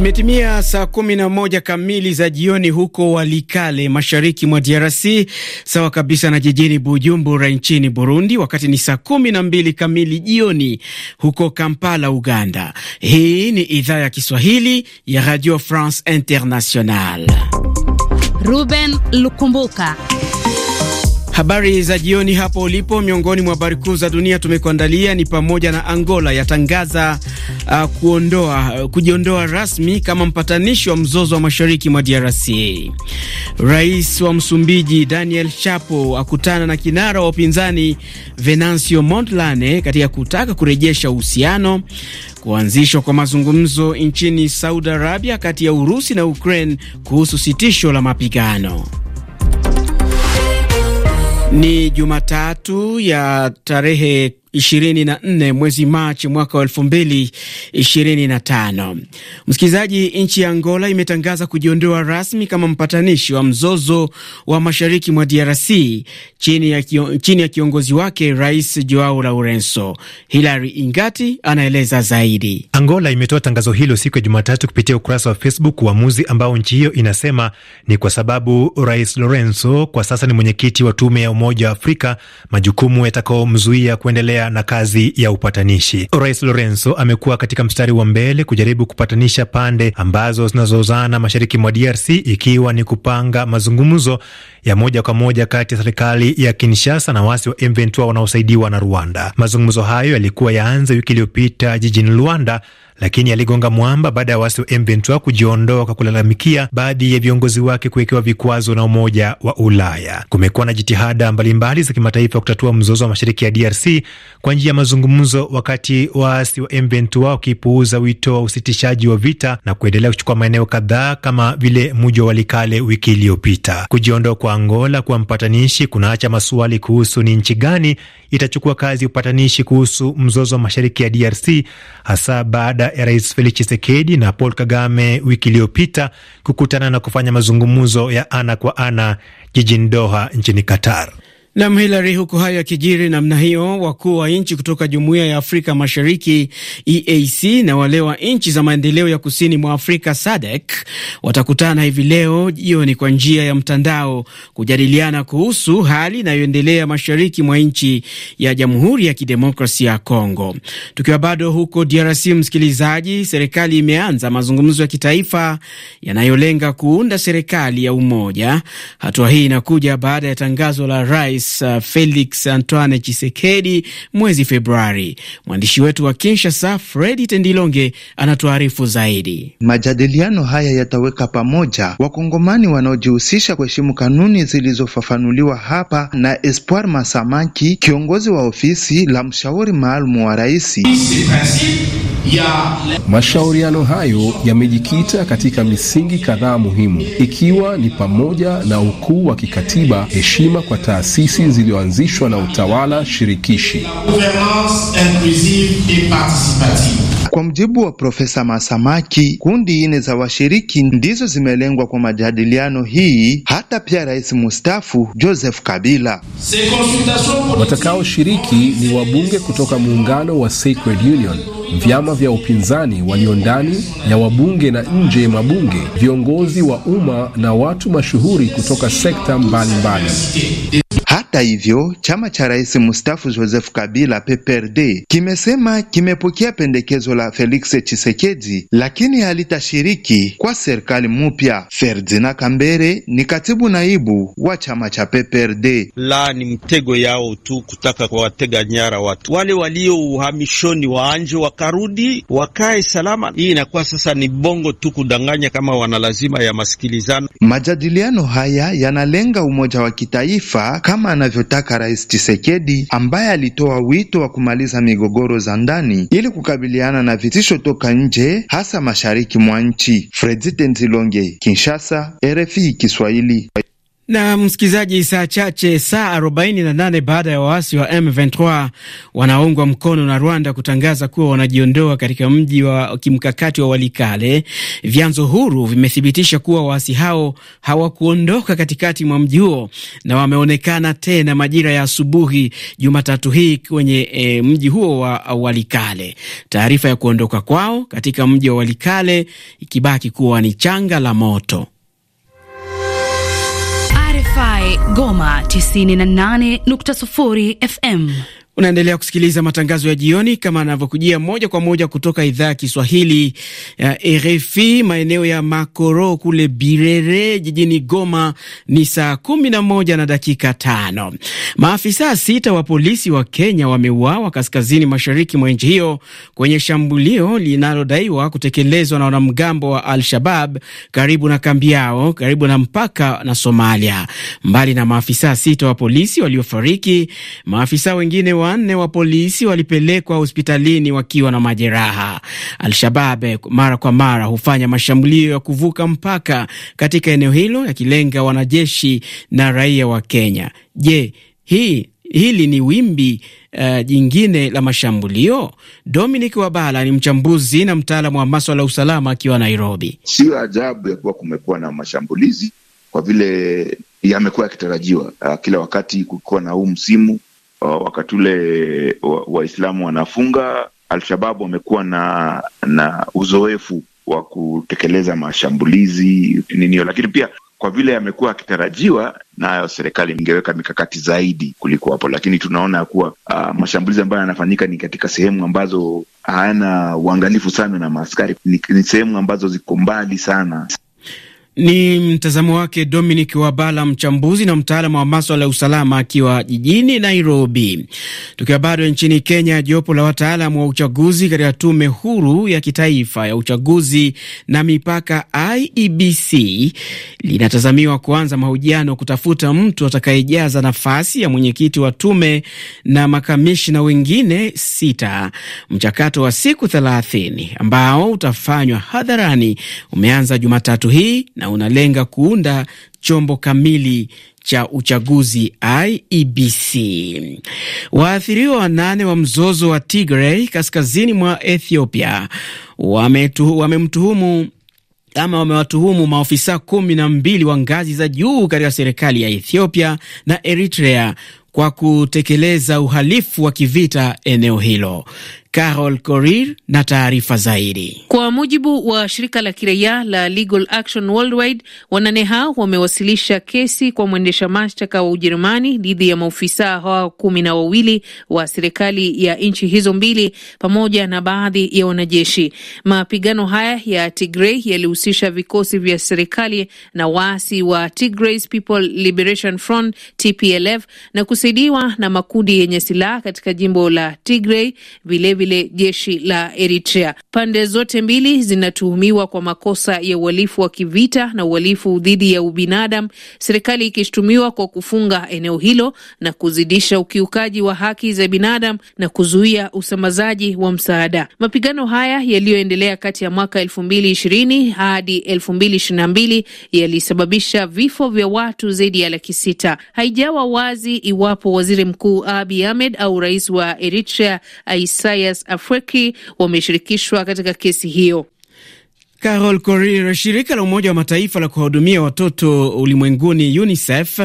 Imetimia saa moja kamili za jioni huko Walikale, mashariki mwa DRC, sawa kabisa na jijini Bujumbura nchini Burundi, wakati ni saa mbili kamili jioni huko Kampala, Uganda. Hii ni idhaa ya Kiswahili ya Radio France International. Ruben Lukumbuka Habari za jioni hapo ulipo. Miongoni mwa habari kuu za dunia tumekuandalia ni pamoja na Angola yatangaza uh, kuondoa uh, kujiondoa rasmi kama mpatanishi wa mzozo wa mashariki mwa DRC. Rais wa Msumbiji Daniel Chapo akutana na kinara wa upinzani Venancio Mondlane katika kutaka kurejesha uhusiano. Kuanzishwa kwa mazungumzo nchini Saudi Arabia kati ya Urusi na Ukraine kuhusu sitisho la mapigano. Ni Jumatatu ya tarehe 24 mwezi Machi mwaka wa 2025. Msikilizaji, nchi ya Angola imetangaza kujiondoa rasmi kama mpatanishi wa mzozo wa mashariki mwa DRC chini ya, chini ya kiongozi wake Rais Joao Lourenco. Hilary Ingati anaeleza zaidi. Angola imetoa tangazo hilo siku ya Jumatatu kupitia ukurasa wa Facebook, uamuzi ambao nchi hiyo inasema ni kwa sababu Rais Lourenco kwa sasa ni mwenyekiti wa tume ya Umoja wa Afrika, majukumu yatakaomzuia kuendelea kuendelea na kazi ya upatanishi. Rais Lorenzo amekuwa katika mstari wa mbele kujaribu kupatanisha pande ambazo zinazozana mashariki mwa DRC, ikiwa ni kupanga mazungumzo ya moja kwa moja kati ya serikali ya Kinshasa na wasi wa M23 wanaosaidiwa na Rwanda. Mazungumzo hayo yalikuwa yaanze wiki iliyopita jijini Luanda lakini aligonga mwamba baada ya waasi wa M23 kujiondoa kwa kulalamikia baadhi ya viongozi wake kuwekewa vikwazo na Umoja wa Ulaya. Kumekuwa na jitihada mbalimbali za kimataifa kutatua mzozo wa mashariki ya DRC kwa njia ya mazungumzo, wakati waasi wa M23 wakipuuza wito wa usitishaji wa vita na kuendelea kuchukua maeneo kadhaa kama vile muji wa Walikale wiki iliyopita. Kujiondoa kwa Angola kuwa mpatanishi kunaacha maswali kuhusu ni nchi gani itachukua kazi upatanishi kuhusu mzozo wa mashariki ya DRC hasa baada ya Rais Felix chisekedi na Paul Kagame wiki iliyopita kukutana na kufanya mazungumzo ya ana kwa ana jijini Doha nchini Qatar. Nam Hilary, huku hayo yakijiri namna hiyo, wakuu wa nchi kutoka Jumuiya ya Afrika Mashariki EAC na wale wa nchi za maendeleo ya kusini mwa Afrika SADC watakutana hivi leo jioni kwa njia ya mtandao kujadiliana kuhusu hali inayoendelea mashariki mwa nchi ya Jamhuri ya Kidemokrasia ya Kongo. Tukiwa bado huko DRC, msikilizaji, serikali imeanza mazungumzo ya kitaifa yanayolenga kuunda serikali ya umoja. Hatua hii inakuja baada ya tangazo la rais Rais uh, Felix Antoine Chisekedi mwezi Februari. Mwandishi wetu wa Kinshasa, Fredi Tendilonge, anatuarifu zaidi. Majadiliano haya yataweka pamoja wakongomani wanaojihusisha kuheshimu kanuni zilizofafanuliwa hapa na Espoir Masamaki, kiongozi wa ofisi la mshauri maalum wa raisi ya... Mashauriano hayo yamejikita katika misingi kadhaa muhimu ikiwa ni pamoja na ukuu wa kikatiba, heshima kwa taasisi zilizoanzishwa na utawala shirikishi. Kwa mjibu wa Profesa Masamaki, kundi nne za washiriki ndizo zimelengwa kwa majadiliano hii, hata pia rais mustafu Joseph Kabila. Watakaoshiriki ni wabunge kutoka muungano wa Sacred Union vyama vya upinzani walio ndani ya wabunge na nje ya mabunge, viongozi wa umma na watu mashuhuri kutoka sekta mbalimbali mbali. Hata hivyo, chama cha rais mstaafu Joseph Kabila PPRD kimesema kimepokea pendekezo la Felix Tshisekedi, lakini halitashiriki kwa serikali mpya. Ferdinand Kambere ni katibu naibu wa chama cha PPRD. La, ni mtego yao tu kutaka kuwatega nyara watu wale walio uhamishoni, waanje wakarudi, wakae salama. Hii inakuwa sasa ni bongo tu kudanganya kama wana lazima ya masikilizano. Majadiliano haya yanalenga umoja wa kitaifa kama anavyotaka Rais chisekedi ambaye alitoa wito wa kumaliza migogoro za ndani ili kukabiliana na vitisho toka nje, hasa mashariki mwa nchi. Fredy Tenzilonge, Kinshasa, RFI Kiswahili. Na msikilizaji, saa chache saa 48 baada ya waasi wa M23 wanaoungwa mkono na Rwanda kutangaza kuwa wanajiondoa katika mji wa kimkakati wa Walikale, vyanzo huru vimethibitisha kuwa waasi hao hawakuondoka katikati mwa mji huo na wameonekana tena majira ya asubuhi Jumatatu hii kwenye e, mji huo wa Walikale. Taarifa ya kuondoka kwao katika mji wa Walikale ikibaki kuwa ni changa la moto. RFI Goma 98.0 FM. Unaendelea kusikiliza matangazo ya jioni kama anavyokujia moja kwa moja kutoka idhaa ya Kiswahili ya RFI maeneo ya Makoro kule Birere jijini Goma. Ni saa kumi na moja na dakika tano. Maafisa sita wa polisi wa Kenya wameuawa kaskazini mashariki mwa nchi hiyo kwenye shambulio linalodaiwa kutekelezwa na wanamgambo wa Al-Shabab karibu na kambi yao karibu na mpaka na Somalia. Mbali na maafisa sita wa polisi waliofariki, maafisa wengine wanne wa polisi walipelekwa hospitalini wakiwa na majeraha. Al-Shabab mara kwa mara hufanya mashambulio ya kuvuka mpaka katika eneo hilo yakilenga wanajeshi na raia wa Kenya. Je, hii hili ni wimbi uh, jingine la mashambulio? Dominic Wabala ni mchambuzi na mtaalamu wa maswala ya usalama akiwa Nairobi. Siyo ajabu ya kuwa kumekuwa na mashambulizi kwa vile yamekuwa yakitarajiwa. Uh, kila wakati kukiwa na huu msimu Uh, wakati ule Waislamu wa wanafunga, Alshabab wamekuwa na na uzoefu wa kutekeleza mashambulizi ninio, lakini pia kwa vile yamekuwa akitarajiwa nayo, serikali ingeweka mikakati zaidi kuliko hapo, lakini tunaona kuwa uh, mashambulizi ambayo yanafanyika ni katika sehemu ambazo hayana uangalifu sana na maaskari, ni, ni sehemu ambazo ziko mbali sana ni mtazamo wake Dominic Wabala, mchambuzi na mtaalamu wa maswala ya usalama akiwa jijini Nairobi. Tukiwa bado nchini Kenya, jopo la wataalamu wa uchaguzi katika tume huru ya kitaifa ya uchaguzi na mipaka IEBC linatazamiwa kuanza mahojiano kutafuta mtu atakayejaza nafasi ya mwenyekiti wa tume na makamishina wengine sita. Mchakato wa siku thelathini ambao utafanywa hadharani umeanza Jumatatu hii na unalenga kuunda chombo kamili cha uchaguzi IEBC. Waathiriwa wanane wa mzozo wa Tigray kaskazini mwa Ethiopia wamemtuhumu wame ama wamewatuhumu maofisa kumi na mbili wa ngazi za juu katika serikali ya Ethiopia na Eritrea kwa kutekeleza uhalifu wa kivita eneo hilo. Carol Korir na taarifa zaidi. Kwa mujibu wa shirika la kiraia la Legal Action Worldwide, wanane hao wamewasilisha kesi kwa mwendesha mashtaka wa Ujerumani dhidi ya maofisa hao kumi na wawili wa serikali ya nchi hizo mbili pamoja na baadhi ya wanajeshi. Mapigano haya ya Tigray yalihusisha vikosi vya serikali na waasi wa Tigray People Liberation Front TPLF na kusaidiwa na makundi yenye silaha katika jimbo la Tigray vile vilevile jeshi la Eritrea. Pande zote mbili zinatuhumiwa kwa makosa ya uhalifu wa kivita na uhalifu dhidi ya ubinadamu, serikali ikishutumiwa kwa kufunga eneo hilo na kuzidisha ukiukaji wa haki za binadamu na kuzuia usambazaji wa msaada. Mapigano haya yaliyoendelea kati ya mwaka elfu mbili ishirini hadi elfu mbili ishirini na mbili yalisababisha vifo vya watu zaidi ya laki sita. Haijawa wazi iwapo waziri mkuu Abiy Ahmed au rais wa Eritrea Isaias Elias Afweki wameshirikishwa katika kesi hiyo. Carol Korir. Shirika la Umoja wa Mataifa la kuwahudumia watoto ulimwenguni UNICEF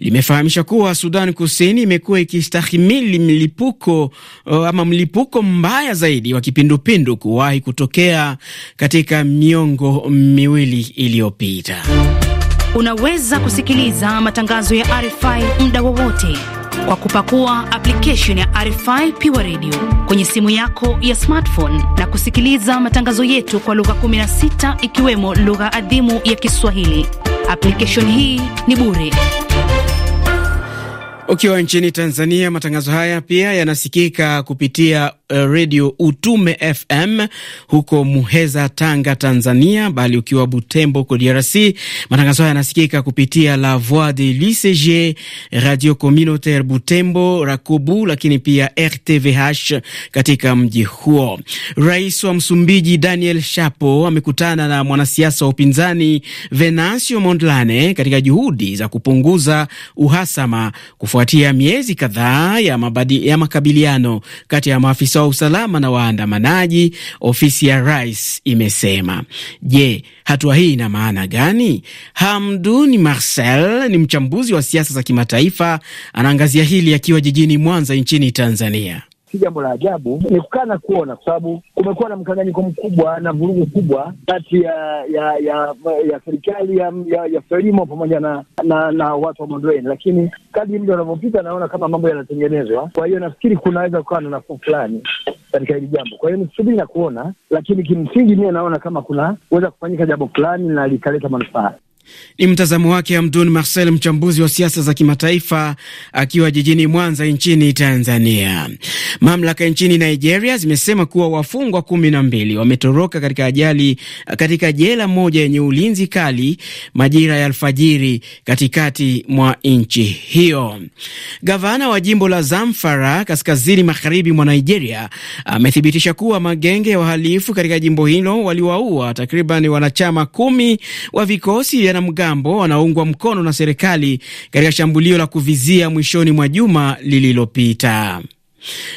limefahamisha kuwa Sudan Kusini imekuwa ikistahimili mlipuko uh, ama mlipuko mbaya zaidi wa kipindupindu kuwahi kutokea katika miongo miwili iliyopita. Unaweza kusikiliza matangazo ya RFI muda wowote kwa kupakua application ya RFI Pure Radio kwenye simu yako ya smartphone na kusikiliza matangazo yetu kwa lugha 16 ikiwemo lugha adhimu ya Kiswahili. Application hii ni bure. Ukiwa nchini Tanzania, matangazo haya pia yanasikika kupitia Eh, redio Utume FM huko Muheza, Tanga, Tanzania, bali ukiwa Butembo huko DRC. Matangazo haya yanasikika kupitia La Voix de l'UCG, Radio Communautaire Butembo, Rakubu, lakini pia RTVH katika mji huo. Rais wa Msumbiji Daniel Chapo amekutana na mwanasiasa wa upinzani Venancio Mondlane katika juhudi za kupunguza uhasama kufuatia miezi kadhaa ya, ya makabiliano kati ya maafisa wa usalama na waandamanaji, ofisi ya rais imesema. Je, hatua hii ina maana gani? Hamduni Marcel ni mchambuzi wa siasa za kimataifa, anaangazia hili akiwa jijini Mwanza nchini Tanzania si jambo la ajabu, ni kukaa na kuona, kwa sababu kumekuwa na mkanganyiko mkubwa na vurugu kubwa kati ya ya ya ya serikali ya ya, ya Frelimo pamoja na, na na watu wa Mondweni, lakini kadri mda anavyopita naona kama mambo yanatengenezwa. Kwa hiyo nafikiri kunaweza kukawa na nafuu fulani katika hili jambo. Kwa hiyo nisubiri na kuona, lakini kimsingi mie naona kama kunaweza kufanyika jambo fulani na likaleta manufaa. Ni mtazamo wake Hamdun Marcel, mchambuzi wa siasa za kimataifa akiwa jijini Mwanza nchini Tanzania. Mamlaka nchini Nigeria zimesema kuwa wafungwa kumi na mbili wametoroka katika ajali katika jela moja yenye ulinzi kali majira ya alfajiri katikati mwa nchi hiyo. Gavana wa jimbo la Zamfara kaskazini magharibi mwa Nigeria amethibitisha kuwa magenge ya wahalifu katika jimbo hilo waliwaua takriban wanachama kumi wa vikosi wanamgambo wanaoungwa mkono na serikali katika shambulio la kuvizia mwishoni mwa juma lililopita.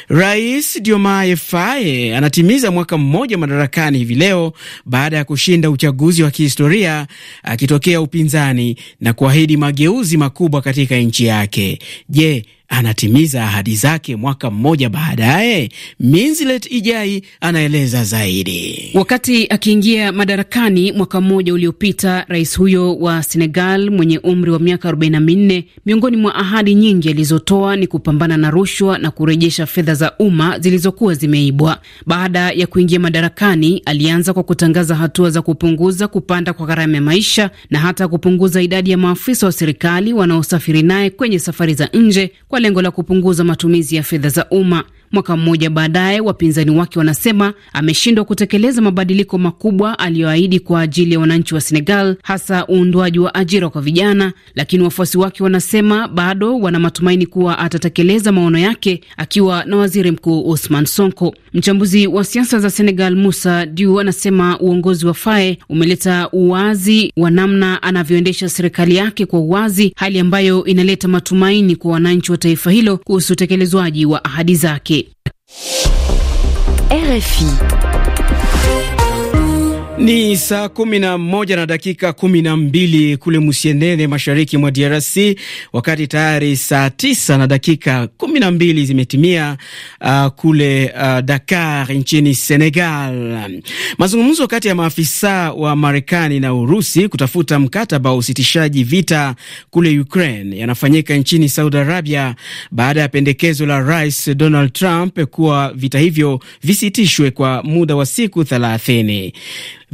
Rais Diomaye Faye anatimiza mwaka mmoja madarakani hivi leo baada ya kushinda uchaguzi wa kihistoria akitokea upinzani na kuahidi mageuzi makubwa katika nchi yake. Je, anatimiza ahadi zake mwaka mmoja baadaye? minlet Ijai anaeleza zaidi. Wakati akiingia madarakani mwaka mmoja uliopita, rais huyo wa Senegal mwenye umri wa miaka 44, miongoni mwa ahadi nyingi alizotoa ni kupambana na rushwa na kurejesha fedha za umma zilizokuwa zimeibwa. Baada ya kuingia madarakani, alianza kwa kutangaza hatua za kupunguza kupanda kwa gharama ya maisha na hata kupunguza idadi ya maafisa wa serikali wanaosafiri naye kwenye safari za nje kwa lengo la kupunguza matumizi ya fedha za umma. Mwaka mmoja baadaye, wapinzani wake wanasema ameshindwa kutekeleza mabadiliko makubwa aliyoahidi kwa ajili ya wananchi wa Senegal, hasa uundwaji wa ajira kwa vijana, lakini wafuasi wake wanasema bado wana matumaini kuwa atatekeleza maono yake akiwa na waziri mkuu usman Sonko. Mchambuzi wa siasa za Senegal Musa Diu anasema uongozi wa fae umeleta uwazi wa namna anavyoendesha serikali yake kwa uwazi, hali ambayo inaleta matumaini kwa wananchi wa taifa hilo kuhusu utekelezwaji wa ahadi zake. RFI. Ni saa kumi na moja na dakika kumi na mbili kule Musienene, mashariki mwa DRC, wakati tayari saa tisa na dakika kumi na mbili zimetimia uh, kule uh, Dakar nchini Senegal. Mazungumzo kati ya maafisa wa Marekani na Urusi kutafuta mkataba wa usitishaji vita kule Ukraine yanafanyika nchini Saudi Arabia baada ya pendekezo la Rais Donald Trump kuwa vita hivyo visitishwe kwa muda wa siku thelathini.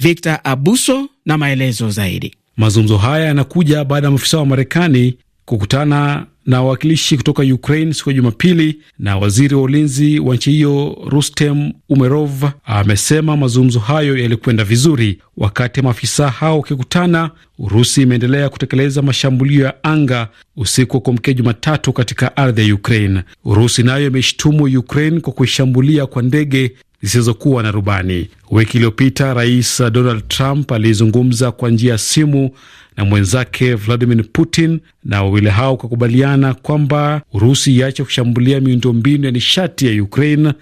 Victor Abuso na maelezo zaidi. Mazungumzo haya yanakuja baada ya maafisa wa Marekani kukutana na wawakilishi kutoka Ukraine siku ya Jumapili, na waziri wa ulinzi wa nchi hiyo Rustem Umerov amesema mazungumzo hayo yalikwenda vizuri. Wakati maafisa hao wakikutana, Urusi imeendelea kutekeleza mashambulio ya anga usiku wa kuamkia Jumatatu katika ardhi ya Ukraine. Urusi nayo imeshtumu Ukraine kwa kuishambulia kwa ndege zisizokuwa na rubani. Wiki iliyopita Rais Donald Trump alizungumza kwa njia ya simu na mwenzake Vladimir Putin na wawili hao kakubaliana kwamba Urusi iache kushambulia miundombinu ya nishati ya Ukraine,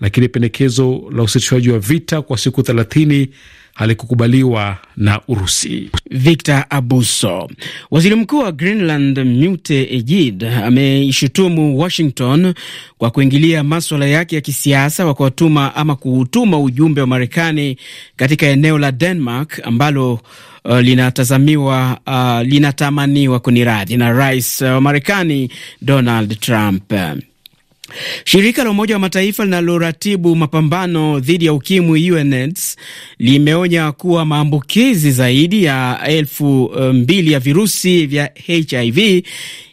lakini pendekezo la usitishwaji wa vita kwa siku thelathini halikukubaliwa na Urusi. Victor Abuso. Waziri Mkuu wa Greenland Mute Ejid ameishutumu Washington kwa kuingilia maswala yake ya kisiasa kwa kuwatuma ama kuutuma ujumbe wa Marekani katika eneo la Denmark ambalo uh, linatazamiwa uh, linatamaniwa kuniradhi na rais wa Marekani Donald Trump. Shirika la Umoja wa Mataifa linaloratibu mapambano dhidi ya ukimwi UNAIDS limeonya kuwa maambukizi zaidi ya elfu eh, mbili ya virusi vya HIV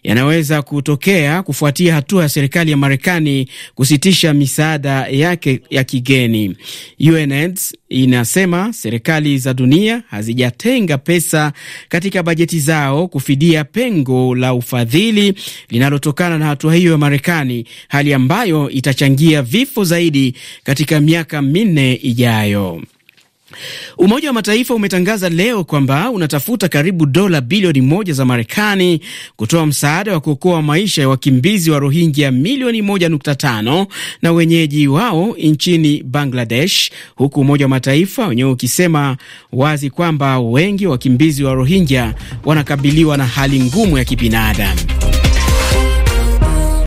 yanaweza kutokea kufuatia hatua ya serikali ya Marekani kusitisha misaada yake ya kigeni. UNAIDS inasema serikali za dunia hazijatenga pesa katika bajeti zao kufidia pengo la ufadhili linalotokana na hatua hiyo ya Marekani, hali ambayo itachangia vifo zaidi katika miaka minne ijayo. Umoja wa Mataifa umetangaza leo kwamba unatafuta karibu dola bilioni moja za Marekani kutoa msaada wa kuokoa maisha ya wakimbizi wa Rohingya milioni tano na wenyeji wao nchini Bangladesh, huku Umoja wa Mataifa wenyewe ukisema wazi kwamba wengi wa wakimbizi wa Rohingya wanakabiliwa na hali ngumu ya kibinadamu.